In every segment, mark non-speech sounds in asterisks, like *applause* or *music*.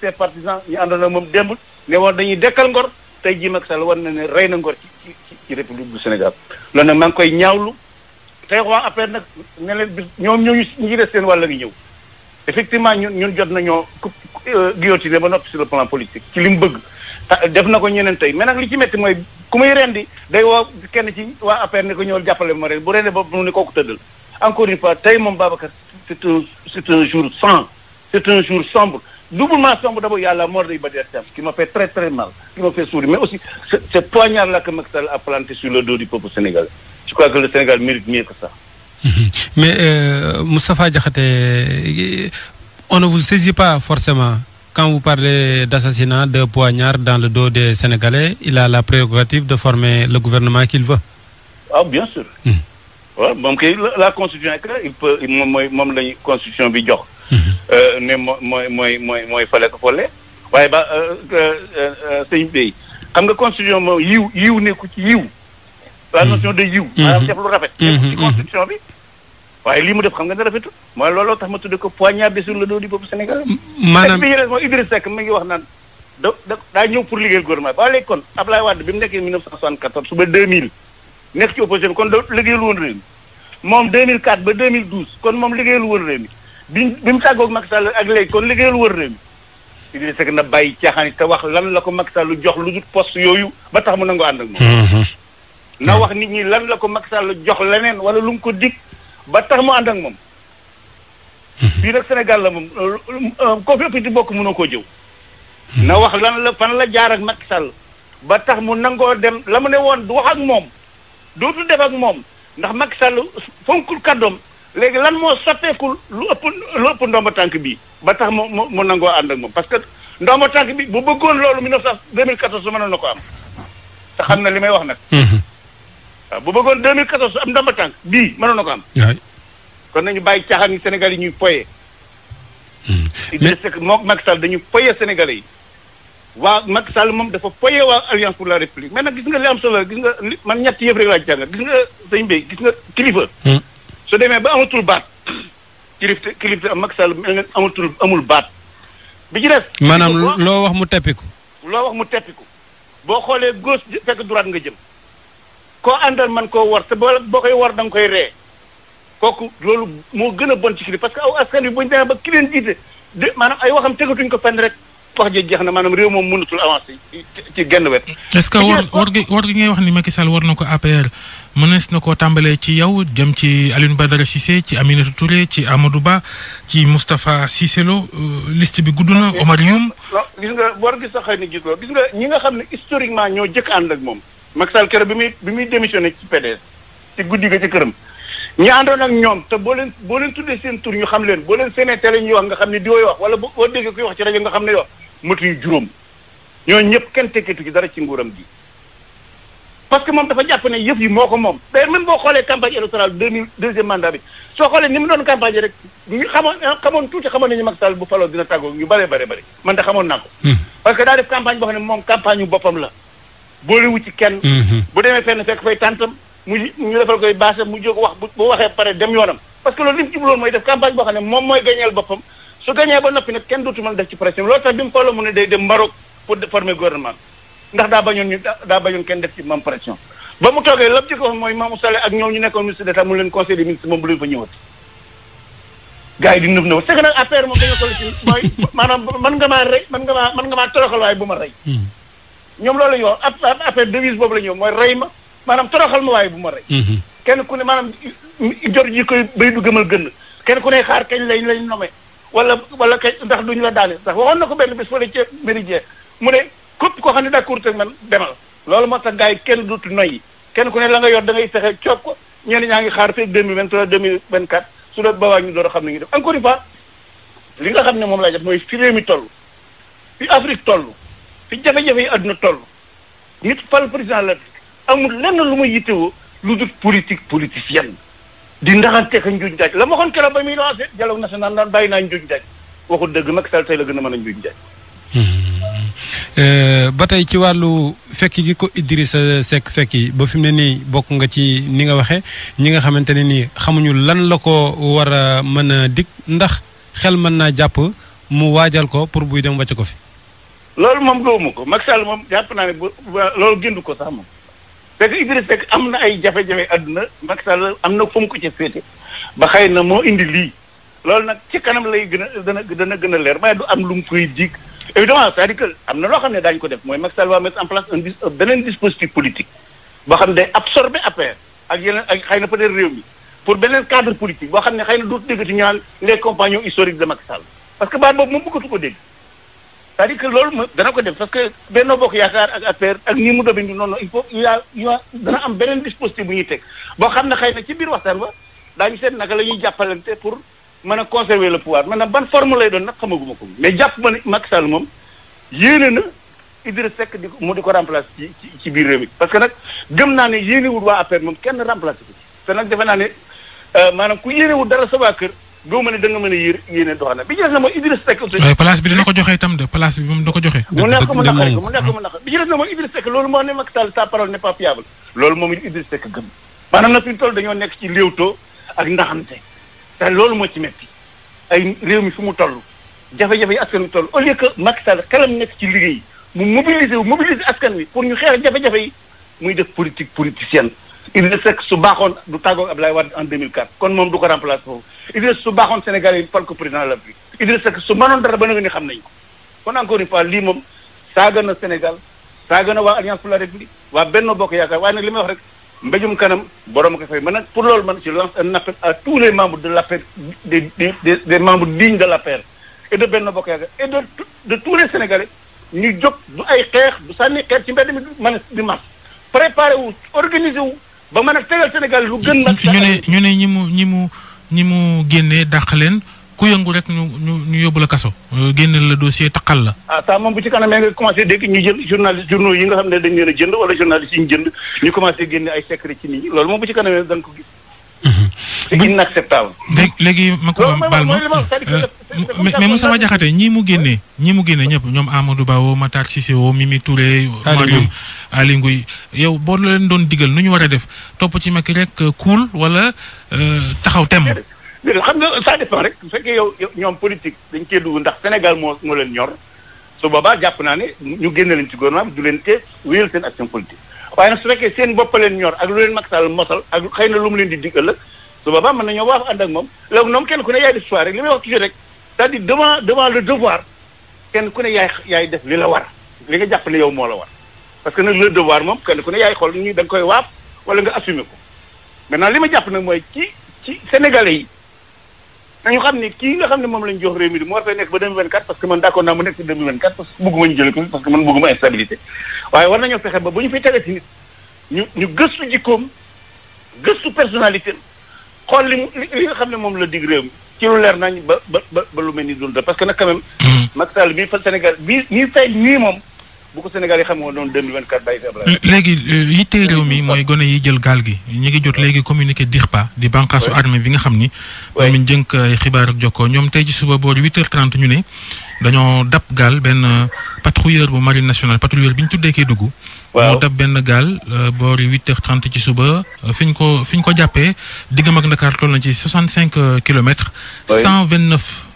ses partisans ñu àndoon ak moom démb ne woon dañuy dekkal ngor tey jii Macky Sall war na ne rey na ngor ci ci ci république du Sénégal loolu nag maa ngi koy ñaawlu tey waa après nag ne leen bis ñoom ñooñu ñu des seen wàll ngi ñëw effectivement ñun ñun jot nañoo euh, guillotiner ba noppi sur le plan politique ci li mu bëgg def na ko ñeneen tey mais nag li ci métti mooy ku muy rendi day woo kenn ci waa APR ne ko ñëwal jàppale ma ren bu rendee ba mu ne kooku tëddal encore une fois tey moom baabaka c'est un c'est un jour sans un jour sombre doublement sombre d'abord, il y a la mort d'Ibadi qui m'a fait très très mal, qui m'a fait sourire. Mais aussi, ce, poignard-là que Macky a planté sur le dos du peuple sénégalais. Je crois que le Sénégal mérite mieux que ça. Mhm. Mais euh, Moustapha Diakhaté, on ne vous saisit pas forcément. Quand vous parlez d'assassinat, de poignard dans le dos des Sénégalais, il a la prérogative de former le gouvernement qu'il veut. Ah, bien sûr. Mhm. la, la constitution est claire, il Euh, ne moo mooy mooy mooy mooy fale ko waaye ba euh, euh, sëñ bi xam nga constitution moom yiw yiw nekku ci yiw la mm-hmm. notion de yiw mm-hmm. maanaam def lu rafet mm-hmm. ci constitution bi waaye lii mu def xam nga ne rafetul mooy looloo tax ma tudde ko poignardé sur le dos du peuple sénégalais maanaam bi ñu des mi ngi wax naan da daa ñëw pour liggéeyal gouvernement bi waaye léegi kon Ablaye Wade bi mu nekkee 1974 su ba 2000 nekk ci opposition bi kon da liggéeyal woon réew woon réew mi bi bi mu tàggoog Macky ak léegi kon liggéeyal wër réew mi Idrissa Seck na bàyyi caaxaan te wax lan la ko Macky Sall jox lu dul poste yooyu ba tax mu nangoo ànd ak moom na wax nit ñi lan la ko Macky Sall jox leneen wala lu mu ko dig ba tax mu ànd ak moom fii nag Sénégal la moom koo fi ëpp di bokk mënoo koo jëw na wax lan la fan la jaar ak Macky Sall ba tax mu nangoo dem la mu ne woon du wax ak moom dootul def ak moom ndax Macky Sall fonkul kàddoom léegi lan moo soppeekul lu ëpp lu ëpp ndomba tànk bii ba tax mu mu mu nangoo ànd ak moom parce que ndox ndomba tànk bi bu bëggoon loolu mu 2014 mënoon na ko am te xam na li may wax nag. Mhm. waaw bu bëggoon 2014 am ndomba tànk bii mënoon na ko am. kon nañu bàyyi caaxaan ni Sénégal yi ñuy poye. Mhm. mais c'est que moom Macky dañu poye Sénégalais yi. waa Macky Sall moom dafa poye waa Alliance pour la République mais nag gis nga li am solo gis nga man ñett yëpp rek laa jàngat gis nga sëñ bi gis nga kilifa. Mhm. su demee ba amatul baat kilifte kilifte Macky Sall amatul amul baat bi ci def maanaam loo wax mu teppiku loo wax mu teppiku boo xoolee gauche fekk droite nga jëm koo àndal man koo war te boo boo koy war da nga koy ree kooku loolu moo gën a bon ci kilif parce que aw askan bi bu ñu demee ba ki leen de maanaam ay waxam tegatuñ ko fenn rek wax ji jeex na maanaam réew moom mënatul avancé ci genn wet est-ce que war war gi war gi ngay wax ni Macky Sall war na ko APR mënees na koo tàmbalee ci yow jëm ci Alioune Badara Cissé ci Aminata Touré ci Amadou Ba ci Moustapha Cissé Lo euh, liste bi gudd na Omar Youm. gis nga war gis a xëy na gis gis nga ñi nga xam ne historiquement ñoo jëkk ànd ak moom. Macky Sall keroog bi muy bi muy démissionné ci PDS ci guddi ga ci këram ñi àndoon ak ñoom te boo leen boo leen tuddee seen tur ñu xam leen booleen leen seenee télé ñuy wax nga xam ne di wooy wax wala boo déggee kuy wax ci rajo nga xam ne yoo matuñu juróom ñooñu ñëpp kenn tekkitu ci dara ci nguuram gi parce que moom dafa jàpp ne yëf yi moo ko moom mais même boo xoolee campagne électorale deux mille deuxième mandat bi soo xoolee ni mu doon campagne rek ñu xamoon xamoon tuuti xamoon man de bi mu xooloo mu ne day dem Maroc pour former gouvernement ndax daa bañoon ñu daa bañoon kenn def ci mam pression ba mu toogee lépp ci ko mooy Mamou Salé ak ñoom ñu nekkoon ministre d'état mu leen conseil des ministres moom bu leen fa ñëwati gars yi di nëb nëb c'est que affaire moom maanaam man nga maa rey mën nga maa mën nga maa toroxal waaye bu ma rey hmm. ñoom loolu la ñu wax affaire devise boobu la ñu mooy rey ma maanaam toroxal ma waaye bu ma rey hmm, hmm. kenn ku ne maanaam jor ji koy bay du gëmal gën kenn ku ne xaar kañ lañ lañ nomé wala wala kañ ndax duñu la daane ndax waxoon na ko benn bés fële ca méridien mu ne képp koo xam ne d'accord ak man demal loolu moo tax gars yi kenn dootu noyyi kenn ku ne la nga yor da ngay fexe cok ko ñaa ngi xaar feeg 2023 2024 su la boobaa ñu door a xam ne ñu def encore une fois li nga xam ne moom lay def mooy fi réew mi toll fi Afrique toll fi jafe-jafe yi àdduna toll nit fal président la amul lenn lu muy yittewoo lu dul politique politicienne di ndaxante ka njuñ daaj la ma waxoon keroog ba muy lancé dialogue national naan bàyyi naa njuñ daaj waxul dëgg Macky Sall tey la gën a mën a njuñ daaj Euh, ba tey ci wàllu fekk gi ko Idrissa Seck fekki ba fi mu ne nii bokk nga ci ni nga waxee ñi nga xamante ne nii xamuñu lan la ko war a mën a dig ndax xel mën naa jàpp mu waajal ko pour buy dem wàcc ko fi. loolu moom gëwuma ko Macky Sall moom jàpp naa ne loolu gëndu ko sax moom. parce que Idrissa am na ay jafe-jafe àdduna Macky Sall am na fu mu ko ca féete ba xëy na moo indi lii loolu nag ci kanam lay gën dana dana gën a leer waaye du am lu mu koy dig évidemment c'est-à-dire am na loo xam ne daañu ko def mooy Macky Sall va mettre en place un dis euh, beneen dispositif politique boo xam ne day absorbé affaire ak yeneen ak xëy na peut réew mi pour beneen cadre politique boo xam ne xëy na dootu déggati ñu naan les compagnons historiques de Macky Sall parce que baat boobu moom bëggatu ko dégg c'est-à-dire loolu ma dana ko def parce que Benno Bokk Yaakaar ak affaire ak nii mu dobi noonu il faut il y a il dana am beneen dispositif teg boo xam ne xëy na ci biir waxtaan ba daañu seet naka la ñuy jàppalante pour man a conserver le pouvoir a ban forme lay doon nag xamaguma ko mais jàpp ma ne Macky moom yéene ko mu di ko remplacer ci ci biir réew mi parce que naa ne yéenewul waa APR moom kenn remplacer ko ci te nag defe naa ne euh, maanaam ku a da nga a yéer yéene doxana bi ci des na mooy Idrissa Seck waaye place bi dina ko joxe nekk ci des na mooy Idrissa Seck loolu parole n'est pas loolu moom Idrissa Seck gëm maanaam na fi ñu toll dañoo nekk ci léewtoo ak ndaxamte te loolu moo ci metti ay réew mi fu mu toll jafe-jafe yi askan wi toll au lieu que Macky Sall xelam nekk ci liggéey mu mobiliser wu mobiliser askan wi pour ñu xeex jafe-jafe yi muy def politique politicienne Idrissa Seck su baaxoon du tàggoo Abdoulaye Wade en 2004 kon moom du ko remplacer foofu Idrissa su baaxoon Sénégal yi fal ko président de la République Idrissa Seck su mënoon dara ba nga ni xam nañ ko kon encore une fois lii moom saaga na Sénégal saag na waa Alliance la République waa Benno Bokk Yaakaar waaye nag li may wax rek mbéjum kanam borom ko fay man a pour lool man ci lance un appel à tous les membres de l'APR des des des membres dignes de l'APR et de Benno Bokk Yaakaar et de de tous les Sénégalais ñu jóg du ay xeex du sànni xeex ci mbedd mi mën a di mars préparé wu organisé wu ba mën a tegal Sénégal lu gën nag. ñu ne ñu ne ñi mu ñi mu ñi mu génnee dàq leen. ku yëngu rek ñu ñu ñu yóbbu la kaso. Euh, génneel la dossier taqal la. ah ça moom bu ci kanam nga commencé dégg ñu jël journaliste journaux yi nga xam ne dañ leen a jënd wala journaliste yi ñu jënd ñu commencé génne ay secret ci nit ñi loolu moom bu ci kanam dañ ko gis. Mhm. c'est léegi ma ko baal ma euh, mais Moustapha Diakhaté ñii mu génnee ñii mu génnee ñëpp ñoom Amadou Ba woo Matar Cissé woo Mimi Touré. Mariam Aly Ngouille yow boo leen doon digal nu ñu war a def topp ci Macky rek kuul euh, wala déedéet xam nga sa dépend rek su fekkee yow ñoom politique dañ cee dugg ndax Sénégal moo moo leen ñor su boobaa jàpp naa ne ñu génne leen ci gouvernement bi du leen te wéyal seen action politique waaye nag su fekkee seen bopp leen ñor ak lu leen Macky mosal ak xëy na lu mu leen di dig ëllëg su boobaa mën nañoo waaw ànd ak moom léegi ñoom kenn ku ne yaay def choix rek li may wax toujours def li la war li nga jàpp ne yow moo la war parce que nag le devoir moom kenn ku ne yaay xool ñu da koy waaf wala nga assumer ko maintenant li ma jàpp nag mooy ci ci sénégalais yi nañu xam ne kii nga xam ne moom lañ jox réew mi di mu war fee nekk ba 2024 parce que man d'accord naa mu nekk si 2024 parce que bëgguma ñu jëlee ko parce que man bëgguma instabilité waaye war nañoo fexe ba bu ñu fi tege si nit ñu ñu gëstu jikkoom gëstu personnalité xool li mu li nga xam ne moom la dig réew mi ci lu leer nañ ba ba ba lu mel ni dund parce que nag quand même hmm. Macky bii fa Sénégal bii ñii fay nii moom bu ko Sénégal yi xam nga noonu 2024 bàyyi fi Ablaye. léegi euh, yitte réew mi mooy gone yi jël gaal gi ñu ngi jot léegi communiqué DIRPA di bànqaasu armée bi nga xam ni. oui ñu jënk ay xibaar ak jokkoo ñoom tey ci suba boori 8h30 ñu ne dañoo dab gaal benn euh, patrouilleur bu marine nationale patrouilleur bi ñu tuddee kii dugg. waaw dab benn gaal euh, boori 8h30 ci suba fi ñu ko fi ñu ko jàppee diggam ak Dakar toll na ci 65 kilomètres. oui 129.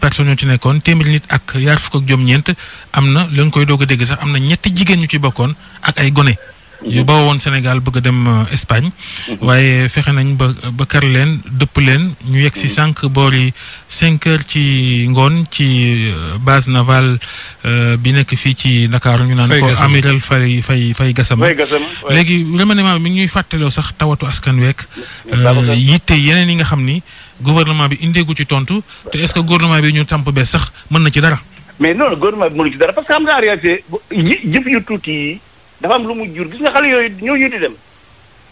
personne ci nekkoon téeméeri nit ak yaar fukk ak juróom-ñeent am na la koy doog a dégg sax am na ñetti jigéen ñu ci bokkoon ak ay gone. yu mhm. ba woon Sénégal bëgg a dem euh, Espagne. Mhm. waaye fexe nañ ba ba kar leen dëpp leen. ñu yegg si mhm. sànq boori 5 heures ci ngoon ci euh, base navale euh, bi nekk fii ci ndakaaru ñu naan ko amiral fay fay fay Gassama. léegi remaniement bi mi ngi ñuy fàttaloo sax tawatu askan week yitte yeneen yi nga xam ni. gouvernement bi indeegu ci tontu te est-ce que gouvernement bi ñu tàmp bee sax mën na ci dara. mais non gouvernement bi mënu ci dara parce que xam tuuti yi am lu mu jur gis nga xale yooyu ñooñu di dem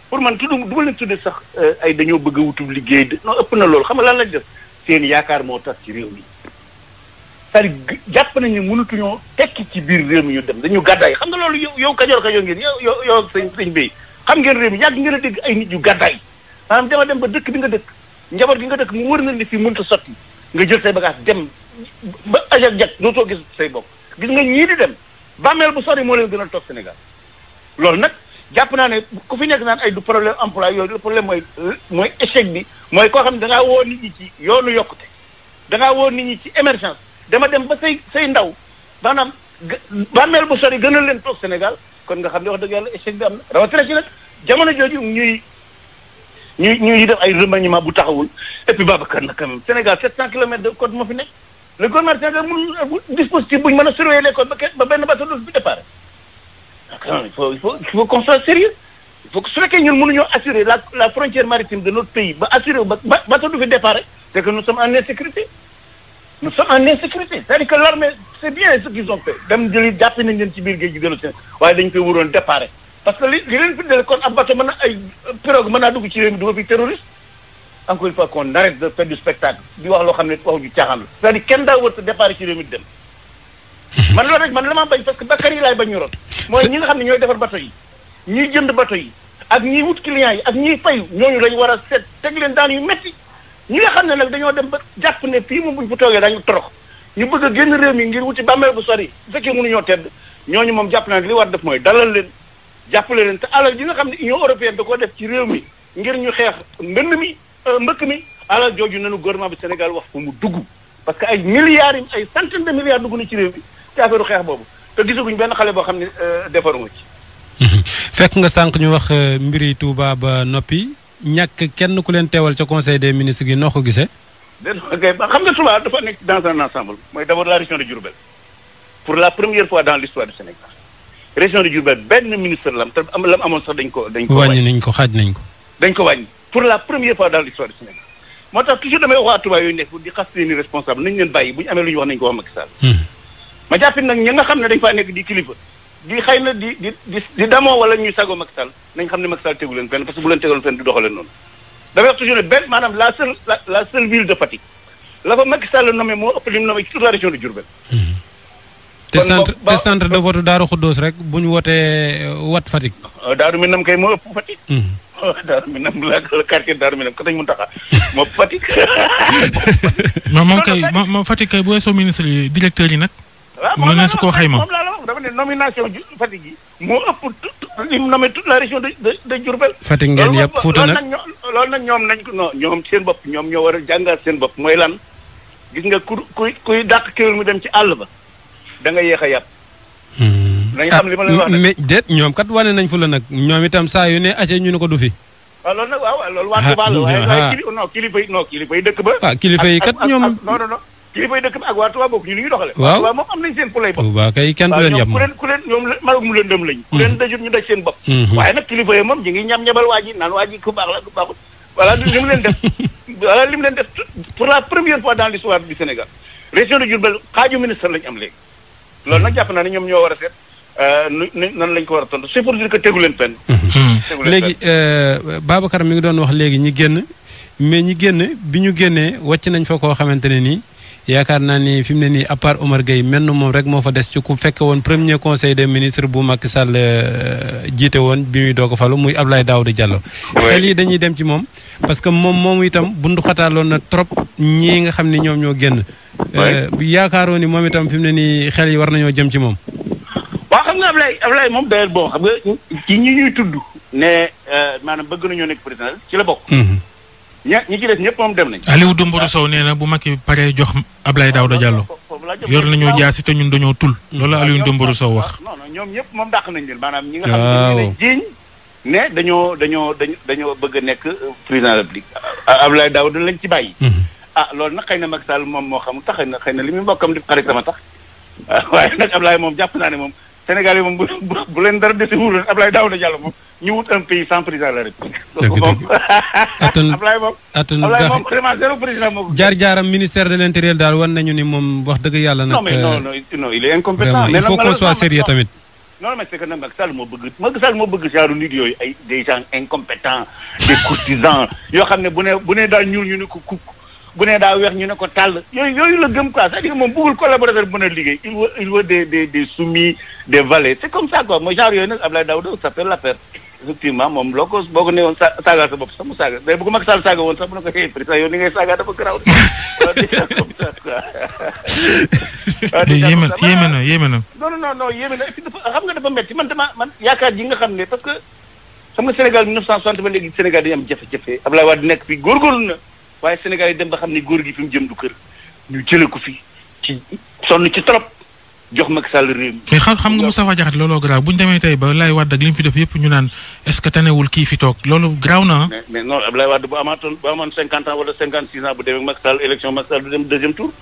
pour man tudd du ma leen tuddee sax euh, ay dañoo bëgg a liggéey non ëpp na loolu xam nga lan lañ def seen yaakaar moo tas ci réew mi. c'est-à-dire jàpp nañu mënatuñoo tekki ci biir réew mi dem dañu gàddaay xam nga loolu yow yow kajoor kajoor ngeen yow yow yow sëñ sëñ bi xam ngeen réew mi yàgg ngeen a dégg ay nit yu gàddaay maanaam dama dem ba dëkk bi nga dëkk njaboot gi nga dëkk mu wër na ni fii mënut a sotti nga jël say bagage dem ba ajak jak dootoo gis say bopp gis nga ñii di dem bàmmeel bu sori moo leen gën a toog Sénégal loolu nag jàpp naa ne ku fi nekk naan ay du problème emploi yooyu problème mooy mooy échec bi mooy koo xam ne da woo nit ñi ci yoonu yokkute da ngaa woo nit ci émergence dama dem ba say say ndaw maanaam bàmmeel bu sori gënal leen toog Sénégal kon nga xam ne wax dëgg yàlla échec bi am na rawatina ci nag jamono jooju ñuy ñuy ñuy def ay remaniement bu taxawul et puis Babacar nag quand même Sénégal 700 kilomètres de côte moo fi nekk le côte marché Sénégal mënul dispositif bu ñu a surveiller les côtes ba kenn ba benn bateau du fi départ. il faut il faut il sérieux il faut que su fekkee ñun mënuñoo assurer la la frontière maritime de notre pays ba assurer ba ba bateau du fi départ c'est que nous sommes en insécurité. nous sommes en insécurité c'est-à-dire que l'armée c'est bien ce qu'ils ont fait dem jëli nañ leen ci biir géej gi gën a waaye dañ koy waroon départ. parce que li li leen firndeel kon ab bato mën na ay pirogue mën naa dugg ci réew mi du ma fi terroriste encore une fois qu'on arrête de faire du spectacle di wax loo xam ne wax ju caaxaan la c'est-à-dire kenn daa wër départ ci réew mi dem man loolu rek man la ma bañ parce que bakkar yi laay bañ ñu rot mooy ñi nga xam ne ñooy defar bato yi ñuy jënd bato yi ak ñiy wut client yi ak ñiy fayu ñooñu lañ war a seet teg leen daan yu metti ñi nga xam ne nag dañoo dem ba jàpp ne fii moom buñ toogee dañu torox ñu bëgg a génn réew mi ngir wuti bàmmeel bu sori bu fekkee mënuñoo tedd ñooñu moom jàpp naa li war def mooy dalal leen jàppale leen te alal ji nga xam ne union européenne da ko def ci réew mi ngir ñu xeex mbënd mi euh, mbëkk mi alal jooju nanu gouvernement bu Sénégal wax fu mu dugg parce que ay milliards yi ay centaine de milliards dugg na ci réew mi ci xeex boobu te gisaguñ benn xale boo xam ne euh, defaruma ci. Mhm. fekk nga sànq ñu wax euh, mbiri Touba ba noppi ñàkk kenn ku leen teewal ca conseil de ministres yi noo ko gisee. déedéet ba xam nga Touba dafa nekk dans un ensemble mooy d'abord la région de Diourbel pour la première fois dans l'histoire du Sénégal. région de Diourbel benn ministre la te am la amoon sax dañ ko dañ ko wàññi pour la première fois dans l'histoire du Sénégal moo tax toujours damay wax yooyu nekk di xas seeni responsable nañ leen bàyyi bu amee lu wax nañ ko wax Macky hmm. ma jàppit nag ña nga xam ne dañ faa nekk di kilifa di xëy na di di di ñuy sagoo Macky nañ xam ne Macky Sall parce que bu leen tegal fenn du doxaleen noonu damay wax toujours ne benn te centre te centre de vote Daaru Xuddoos rek bu ñu wootee uh, wat Fatick. Uh, Daaru Minam kay moo ëpp Fatick. Mm-hmm. Uh, Daaru Minam la quartier Daaru dañ mun taxa moo Fatick. non *laughs* *laughs* moom kay moom Fatick kay bu weesoo ministre yi directeur yi nag. waaw ah, ne su ko xayma moom laa la wax dama ne nomination Fatick yi. moo ëpp lim nommé toute la région de de de Diourbel. Fatick ngeen yëpp Fuuta nag loolu nag ñoom nañ ko non ñoom seen bopp ñoom ñoo war a jàngal seen bopp mooy lan gis nga ku kuy kuy dàq kéwél mu dem ci àll ba. da nga yéex a yàpp. Hmm. nañ xam ah, li ma leen wax mais ñoom kat wane nañ fu la nag ñoom itam saa yu ne acca ñu ne ko du fi. waaw loolu nag waaw ah, waa Touba la dëkk ba. waaw kilifa waa Touba ñu ni ñuy doxale waaw waaw moom am nañ seen pulay bopp. Oh, waaw kay kenn du leen yab moom ku leen ñoom marag mu lëndëm lañ ku leen hmm. dajut ñu daj seen bopp hmm. waaye nag kilifa yi moom ñu ñam ñabal waa naan waa ku baax la ku baaxut voilà li leen def *laughs* voilà li leen def pour la première fois dans l'histoire du Sénégal région de Diourbel xaaju ministre am léegi loolu nag jàpp naa ne ñoom ñoo war a seet euh, nan lañ ko war a tontu c'est pour dire que tegu leen mhm. mhm. léegi euh, Babacar mi ngi doon wax léegi ñi génn mais ñi génn bi ñu génnee wàcc nañ fa koo xamante ne nii yaakaar naa ni fi mu ne nii à part Omar Gueye menn moom rek moo fa des ci ku fekke woon premier conseil des ministres bu Macky Sall euh, jiite woon bi muy doog a falu muy ab Abdoulaye Daouda Diallo. xel yi dañuy dem ci moom. parce que moom moom itam bundu xataaloon na trop ñii nga xam ne ñoom ñoo génn. Euh, yaakaaroo ni moom itam fi mu ne nii xel yi war nañoo jëm ci moom. waaw xam nga Ablaye Ablaye moom d'ailleurs bon xam nga ci ñi ñuy tudd. ne euh, maanaam bëgg nañoo nekk président ci la bokk. Mhm. ña ñi ci des ñëpp moom dem nañ. Aliou Dembourou Sow nee na bu Macky paree jox Ablaye Daouda Diallo. yor nañoo jaasi te ñun dañoo tul. loolu la Aliou Dembourou Sow wax. non non ñoom ñëpp moom dàq nañ leen maanaam ñi nga xam ne dañoo dañoo dañoo bëgg a nekk président de la République Ablaye Daouda lañ ci bàyyi. Mhm. ah loolu nag xëy na Macky Sall moom moo xam tax xëy na xëy na li muy mbokkam di xarit sama tax ah, *laughs* waaye nag Ablaye moom jàpp naa ne moom Sénégal yi moom bu bu leen dara desi wuuloon Ablaye Daouda Diallo moom ñu wut un pays sans président de la République. *laughs* dëgg dëgg *laughs* Ablaye moom Ablaye moom jaar jaaram ministère de l' intérieur daal wan nañu ni moom wax dëgg yàlla nag. non mais non non il est incompétent. il faut qu'on soit sérieux tamit. non mais c'est que nag Macky Sall moo bëgg Macky moo bëgg genre nit yooyu ay des gens des courtisans yoo xam ne bu ne bu ne daal ñuul ñu ne ko ku bu ne daa weex ñu ne ko tàll yooyu yooyu la gëm quoi cest à moom bëggul collaborateur bu mën a liggéey il veut il veut des des des soumis des valets c'est comme ça quoi mooy genre yooyu nag Abdoulaye Daouda s'appelle l'affaire effectivement moom loo ko boo ko nee woon sa saaga sa sax mu saaga day bu ko mag Sall saaga woon sax mu ne ko dafa garaaw *laughs* *laughs* yéeme yéeme na yéeme na non non non yéeme na et puis dafa xam nga dafa metti man dama man yaakaar ji nga xam ne parce que xam nga Sénégal 1960 ba léegi Sénégal dañu am jafe-jafe Abdoulaye Wade nekk fi góorgóorlu waaye Sénégal yi dem ba xam ne góor gi fi mu jëm du kër ñu jëlee ko fi ci sonn ci trop jox Macky Sall réew mi. mais xam xam nga Moustapha Diakhaté looloo garaaw bu ñu demee tey ba Laye Wade ak li mu fi def yëpp ñu naan est-ce que tanewul kii fi toog loolu garaaw na ah. mais mais non Ablaye Wade bu amaatoon bu amoon cinquante ans wala cinquante six ans bu demee Macky Sall élection Macky Sall du dem deuxième tour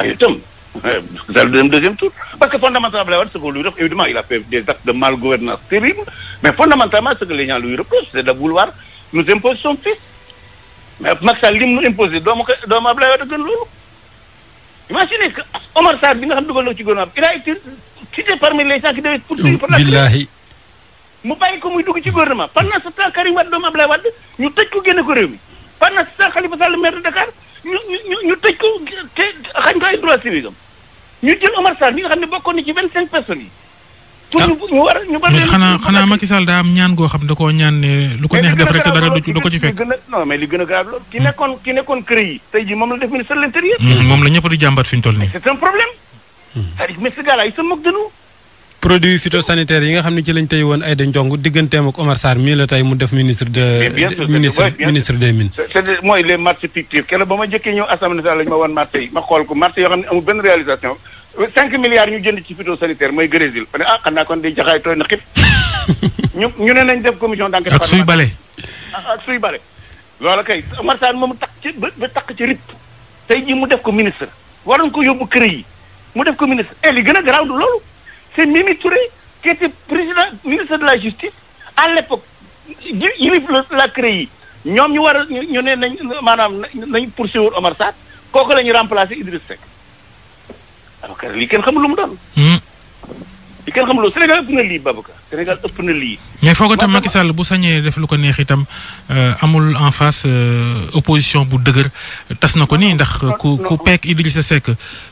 ay itam. daal eh, deuxième deuxième tour parce que fondamentalement Abdoulaye Wade ce que lui reproche évidemment il a fait des actes de malgouvernance terribles mais fondamentalement ce que les gens lui reprochent c'est de vouloir nous imposer son fils mais Macky Sall li mu nu imposé doomu ko doomu Abdoulaye Wade gën loolu imaginez que Omar bi nga xam dugal na ko ci gouvernement bi il a été cité parmi les gens billahi mu bàyyi ko muy dugg ci gouvernement pendant ce temps Karim Wade doomu Abdoulaye Wade ñu tëj ko génne ko réew mi pendant ce temps Khalifa Sall maire de Dakar ñu ñu ñu tëj ko te xañ ko ay droits civiques am ñu jël Omar Sarr mi nga xam ne bokkoon na ci vingt cinq personnes yi Ah. pour ñu xanaa xanaa Macky daa am ñaan goo xam da ñaan ne lu ko neex def rek dara du ko ci fekk non mais li gën a grave ki hmm. nekkoon ki nekkoon CREI yi tey jii moom la def ministre de hmm, hmm. nga xam ne ci lañ tey woon ay da njong digganteem ak Omar mu def ministre de ministre ministre des mines c'est mooy les marchés fictifs keroog ba ma jëkkee ñëw assemblée nationale lañ ma wan marché yi ma xool ko marché yoo xam ne amul benn réalisation cinq milliards ñu jënd ci phytosanitaire mooy grésil ba ne ah xanaa kon day jaxaay tooy na xib *laughs* ñu ñu ne nañ def commission d' enquête ak suy bale ah, ak suy bale loolu kay Omar Sane moom takk ci ba takk ci RIP tey jii mu def ko ministre waroon ko yóbbu kër yi mu def ko ministre et eh, li gën a garaaw du loolu c' est Mimi Touré qui était président ministre de la justice à l' époque yilif la la CREI ñoom ñu war a ñu ne nañ maanaam nañ poursuivre Omar Sane kooku la ñu remplacer Idriss Seck Babacar lii kenn xamul lu mu hmm. doon. Sénégal ëpp na lii Babacar Sénégal ëpp na lii. mais foog itam bu sañee def lu ko neex itam euh, amul en face euh, opposition bu dëgër tas na ko nii ndax ku ku peek Idrissa Seck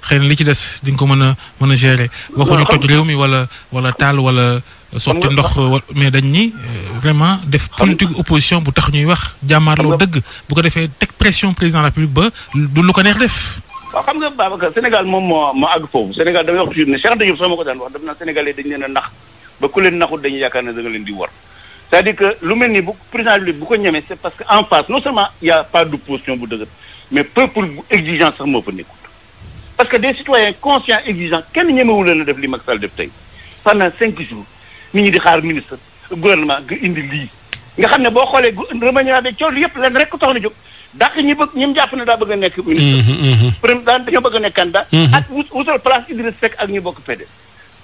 xëy na li ci des di nga ko mën a mën a gérer. toj réew mi wala wala taal wala. sotti ndox mais dañ ni euh, vraiment def politique opposition bu tax ñuy wax jàmmaarloo dëgg bu ko defee teg pression président la République ba du lu ko neex def. waaw xam nga Babacar Sénégal moom moo moo àgg foofu Sénégal damay wax toujours ne Cheikh Anta sax ma ko daan wax daf naa Sénégalais dañu leen a nax ba ku leen naxut dañuy yaakaar ne da leen di war c'est-à-dire que lu mel ni bu président bi bu ko ñemee c'est parce que en face non seulement y a pas d'opposition bu dëgër mais peuple bu exigeant sax moo fa nekkul parce que des citoyens conscients exigeants kenn ñemewu leen a def li Macky Sall def tey pendant cinq ñi di xaar ministre gouvernement nga indi lii nga ne boo xoolee remaniement bi yëpp leen rek ko tax dàq ñi bëgg ñi jàpp na daa bëgg a nekk ministre. Mhm, mhm. premier daan dañoo bëgg a nekk candidat. Mhm. ak wutal place Idriss Seck ak ñu bokk PDS.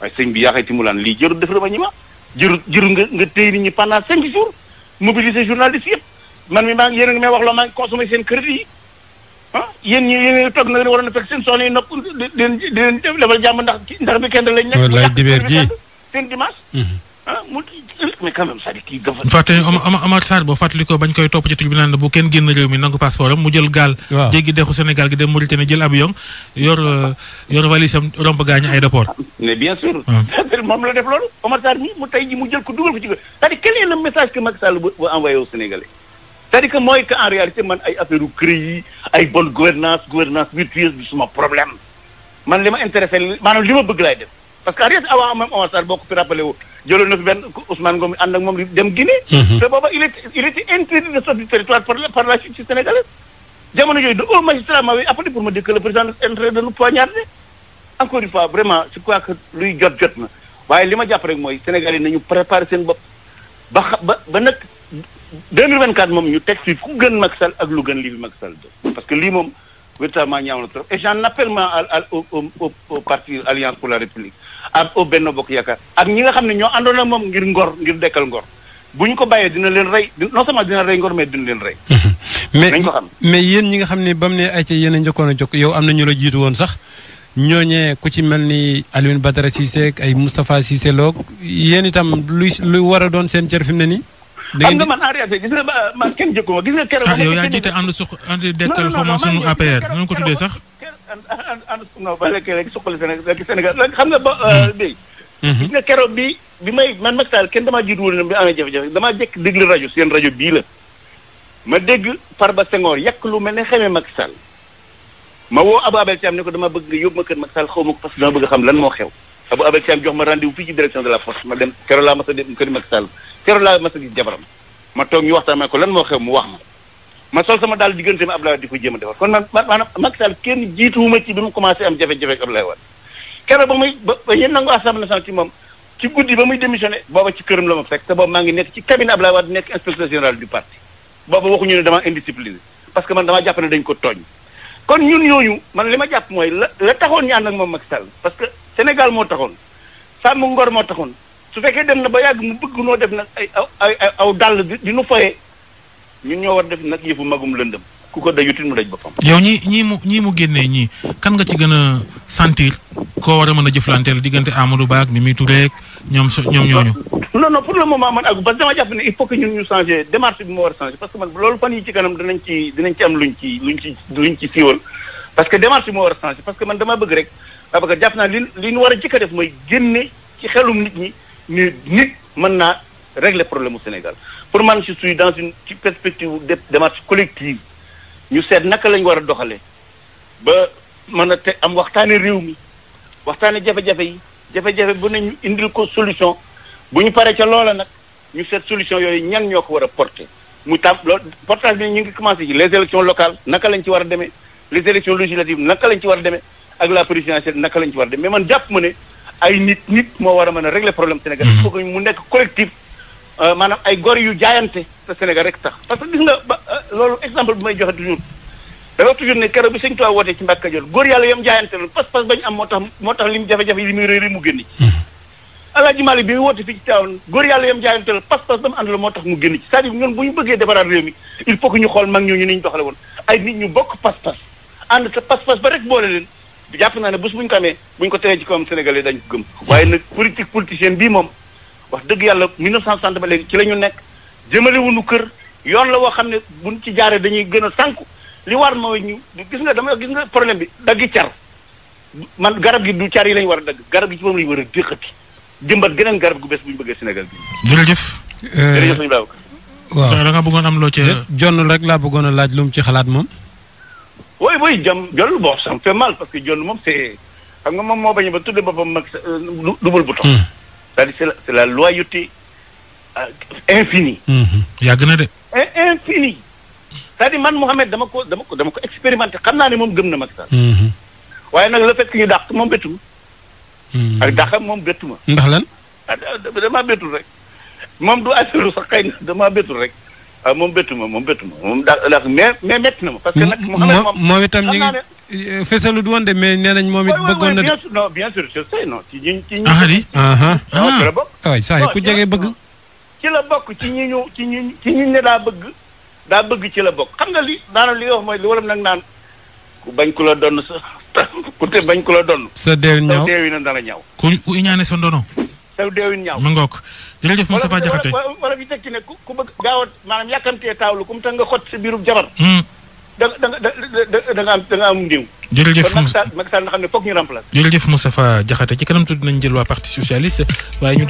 waaye sëñ bi yaa xayti mu laan lii jërul def rëba ñi ma jërul jërul nga nga téye nit ñi pendant cinq jours mobiliser journaliste yëpp man mi maa yéen a ngi may wax loo maa ngi consommé seen crédit yi ah yéen ñi yéen a toog na nga waroon a fekk seen soxna yi nopp di leen di leen defal ndax ndax bi kenn lañ nekk. walaay dibeer ji seen dimanche. ah mu mais quand même c'est-à-dire kii dafa. fàttali Amath Sarr boo fàttali ko bañ koy topp ci tribunal bu kenn génn réew mi nangu passeport am mu jël gaal. waaw jéggi dexu Sénégal gi dem Mauritanie jël avion yor euh, yor valise am romb gaañ aéroport. mais bien sûr. Ah. moom la def loolu Amath Sarr mi mu tey ji mu jël ko dugal ko ci c'est-à-dire quel est le message que Macky Sall bu envoyé aux Sénégalais. c'est-à-dire que mooy que en réalité man ay affaire u CREI ay bonne gouvernance gouvernance vertueuse bi suma problème man li ma intéressé maanaam li ma bëgg laay def parce que en réalité avant même Amath Sarr boo ko fi rappelé woo jëloon na fi benn Ousmane Ngom ànd ak moom dem Guinée. Mhm. te booba il était il était interdit de sortir du territoire par la par la justice sénégalaise. jamono yooyu de haut magistrat m'avait appelé pour me dire que le président est en train de e encore une fois vraiment je crois que luy jot jot na waaye li ma jàpp rek mooy Sénégal yi nañu préparé seen bopp ba xa ba ba nag 2024 moom ñu teg fi ku gën Macky ak lu gën lii bi Macky Sall parce que lii moom véritablement ñaaw na trop et j'en appelle ma au au au parti Alliance pour la République. ak au benn bokk yaakaar ak ñi nga xam ne ñoo àndoon moom ngir ngor ngir dekkal ngor bu ñu ko bàyyee dina leen rey non seulement dina rey ngor mais dina leen rey. *laughs* nañ ko mais yéen ñi nga xam ne ba mu ne ay yéen a njëkkoon a yow am na la jiitu woon sax ñooñee ku ci mel ni Alioune Badara Cissé ay Moustapha Cissé Lo yéen itam luy luy war a doon seen cër fi mu ne nii. xam man en réalité gis nga man kenn jëkku ma gis nga keroog. Ah, dekkal xaw ma sunu APR ñu ko tuddee sax. ànd ànd ànd non ba léegi léegi suqali Sénégal léegi xam nga ba bii. Uh, hmm. hmm. gis nga keroog bi bi may man Macky Sall kenn damaa jiitu woon ne bi amee ah, jafe-jafe damaa jekk déglu rajo seen rajo bii la. ma dégg ba Senghor yàq lu mel ne xamee Macky Sall ma woo Abou Abel Thiam ne ko dama xam lan moo xew. Abou Abel Thiam jox ma rendez fii ci direction de la force ma dem keroog laa mas a dem kër Macky Sall laa mas a gis jabaram ma toog ñu waxtaan ma ko lan moo xew mu wax ma ma sol sama daal diggante ma Abdoulaye Wade di ko jéem a defar kon man maanaam Macky Sall kenn jiituwuma ci bi mu commencé am jafe-jafe ak Abdoulaye Wade keroog ba muy ba yéen nangu assemblée nationale ci moom ci guddi ba muy démissionné booba ci këram la ma fekk te maa ngi nekk ci cabinet Abdoulaye Wade nekk inspecteur général du parti booba waxuñu ne damaa indiscipliné parce que man damaa jàpp ne dañ ko tooñ kon ñun ñooñu man li ma jàpp mooy la la taxoon ñu ànd ak moom Macky Sall parce que Sénégal moo taxoon sàmm ngor moo taxoon su fekkee dem na ba yàgg bëgg noo def nag ay aw di nu foye ñun ñoo war def nag yëfu magum lëndëm ku ko dajut mu daj boppam. yow ñii ñii mu génnee ñii kan nga ci gën a sentir koo war a mën a jëflanteel diggante Amadou Ba ak Mimi Touré ñoom so ñoom ñooñu. non non pour le moment man ak parce que dama jàpp ne il faut que ñun ñu changé démarche bi moo war a changé parce que man loolu fan yi ci kanam dinañ a changé parce que man dama bëgg rek parce jàpp naa li li ñu war a jëkk a def mooy génne ci xelum nit ñi ni nit mën naa régler problème Sénégal pour man je suis dans une ci perspective de démarche collective ñu seet naka lañ war a doxalee ba mën a te am waxtaane réew mi waxtaane jafe-jafe yi jafe-jafe bu ne ñu indil ko solution bu ñu paree ca loola nag ñu seet solution yooyu ñan ñoo ko war a porter mu tam loolu portage bi ñu ngi commencé ci les élections locales naka lañ ci war a demee les élections législatives naka lañ ci war a demee ak la présidentielle naka lañ ci war a demee mais man jàpp ma ne ay nit nit moo war a mën a régler problème Sénégal mhm. Euh, maanaam ay gor yu jaayante te Sénégal tax parce que gis nga euh, loolu exemple bi may joxe toujours dama toujours ne keroog bi Sëñ Tuubaa wootee ci Mbàkke Kajoor góor yàlla li mu hmm. yàlla yam jaayante loolu pas-pas ba mu ànd la moo tax mu génn ci c'est-à-dire ñun bu ñu bëggee defaraat réew mi il faut que ñu xool mag ñooñu ni ñu doxale woon ay nit ñu bokk pas-pas ànd pas-pas ba rek boole leen jàpp naa ne bés bu ko amee bu ñu ko teree ci kawam Sénégalais dañ ko gëm waaye nag politique wax dëgg yàlla 1960 ba léegi ci la ñu nekk jëmalewuñu kër yoon la woo xam ne buñ ci jaaree dañuy gën a sànku li war mooy ñu gis nga dama gis nga problème bi daggi car man garab gi du car yi lañu war a dagg garab gi ci moom lañu war a déqati jëmbat geneen garab gu bees bu ñu bëggee Sénégal bi. jërëjëf. Euh, euh, jërëjëf sëñ Ba. waaw da nga bëggoon am loo ci jonn rek laa bëggoon a laaj lu mu ci xalaat moom. oui oui jam jonn bon ça me fait mal parce que jonn moom c'est xam nga moom moo bañ ba tudd boppam mag euh, double bouton. c'est-à-dire c'est la loyauté euh, infinie. Mhm. yàgg de. infinie cest man Mouhamed dama ko dama ko dama expérimenté xam naa ne moom gëm na Macky Sall. Mhm. waaye nag le fait que ñu dàq moom bettu ma. Mhm. ak dàqam moom bettu ah, rek moom du assuré sax xëy na damaa bettul rek. ah moom bettu ma moom bettu ma moom dàq mais mais métti na ma. parce que nag Mouhamed moom moom itam ñu Euh, fësalut woon de mais nee nañ moom it bëggoon na. non bien sûr je sais ci ñi ci ñi. Ah. ku jege bëgg. ci la bokk ci ñu ci ñi ci ñi ne daa bëgg. daa bëgg ci la bokk xam nga li daanaka li nga wax mooy li waram nag naan ku bañ ku la donn sa ku te bañ ku la donn. sa deewin ñaaw sa deewin dara ku iñaane sa ndono. sa deewin ñaaw ma ngoog. jërëjëf Moustapha Diakhaté wala wala bi tekki ne ku ku bëgg gaaw a maanaam yàkkamtee taawlu ku mu nga xot sa biirub jabar. Hmm. da da da da nga am da nga am ndiw. jërëjëf kon Macky Sall na xam ne foog ñu remplace. jërëjëf Moustapha Diakhaté ci kanam tudd nañ jël waa parti socialiste waaye ñu.